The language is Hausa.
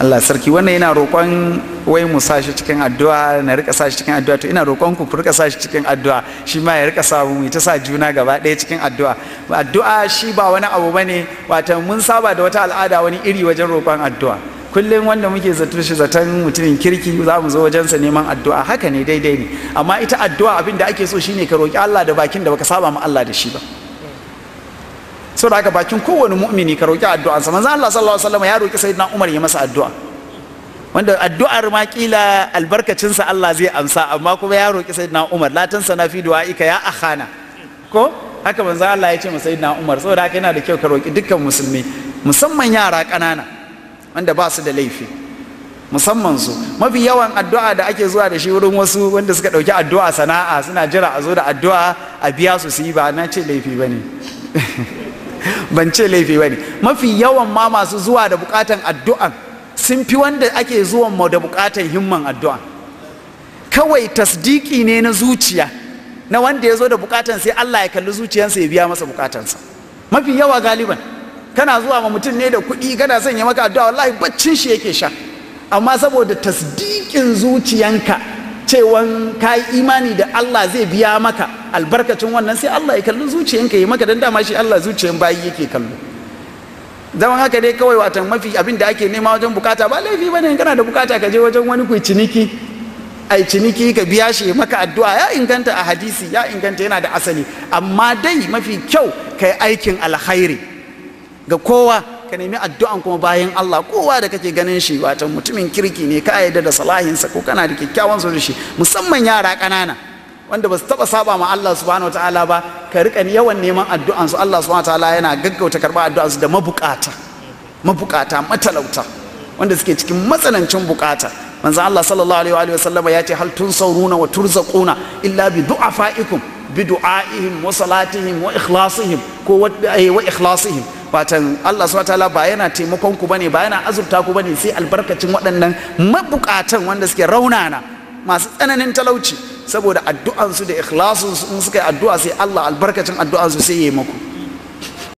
Allah sarki wannan yana roƙon wai mu sashi cikin addu'a na rika sashi cikin addu'a to ina roƙon ku ku rika sashi cikin addu'a shi ma ya rika samu mu ta sa juna gaba ɗaya cikin addu'a addu'a shi ba wani abu bane wato mun saba da wata al'ada wani iri wajen roƙon addu'a kullum wanda muke zato shi zaton mutumin kirki za mu zo wajensa neman addu'a haka ne daidai ne amma ita addu'a abin da ake so shine ka roƙi Allah da bakin da baka saba ma Allah da shi ba saboda haka bakin kowane mu'mini ka roki addu'ansa manzo Allah sallallahu alaihi wasallam ya roƙi sayyidina Umar ya masa addu'a wanda addu'ar ma kila albarkacin sa Allah zai amsa amma kuma ya roƙi sayyidina Umar la tansa na fi du'aika ya akhana ko haka manzo Allah ya ce ma sayyidina Umar saboda haka yana da kyau ka roƙi dukkan musulmi musamman yara ƙanana wanda ba su da laifi musamman su mafi yawan addu'a da ake zuwa da shi wurin wasu wanda suka ɗauki addu'a sana'a suna jira a zo da addu'a a biya su su yi ba na ce laifi ba ne ban ce laifi ba ne mafi yawan ma masu zuwa da bukatan addu'a sun fi wanda ake zuwan mu da bukatan himman addu'a kawai tasdiki ne na zuciya na wanda ya zo da bukatan sai Allah ya kalli zuciyarsa ya biya masa bukatansa mafi yawa galiban kana zuwa ma mutum ne da kuɗi kana son ya maka addu'a wallahi baccin shi yake sha amma saboda tasdikin zuciyanka cewan ka yi imani da Allah zai biya maka albarkacin wannan sai Allah ya kalli zuciyanka ya maka dan ma shi Allah zuciyan bayi yake kallo zaman haka dai kawai watan mafi abin da ake nema wajen bukata ba laifi bane in kana da bukata ka je wajen wani ku ciniki ai ciniki ka biya shi maka addu'a ya inganta a hadisi ya inganta yana da asali amma dai mafi kyau ka aikin alkhairi ga kowa ka nemi addu'an kuma bayan Allah kowa da kake ganin shi wato mutumin kirki ne ka yarda da salahinsa ko kana da kyakkyawan so da shi musamman yara ƙanana wanda ba su taɓa saba ma Allah subhanahu ta'ala ba ka riƙa yawan neman addu'an su Allah subhanahu ta'ala, yana gaggauta karɓar addu'an su da mabukata mabukata matalauta wanda suke cikin matsanancin bukata manzo Allah sallallahu alaihi wa sallam ya ce hal tunsauruna wa turzaquna illa bi du'afaikum bi du'aihim wa salatihim wa ikhlasihim ko wa eh, ikhlasihim watan Allah subhanahu ba yana taimakon ku bane ba yana azurta ku bane sai albarkacin waɗannan mabukatan wanda suke raunana masu tsananin talauci saboda addu'ansu da ikhlasun in suka yi addu'a sai Allah albarkacin addu'ansu sai yayi muku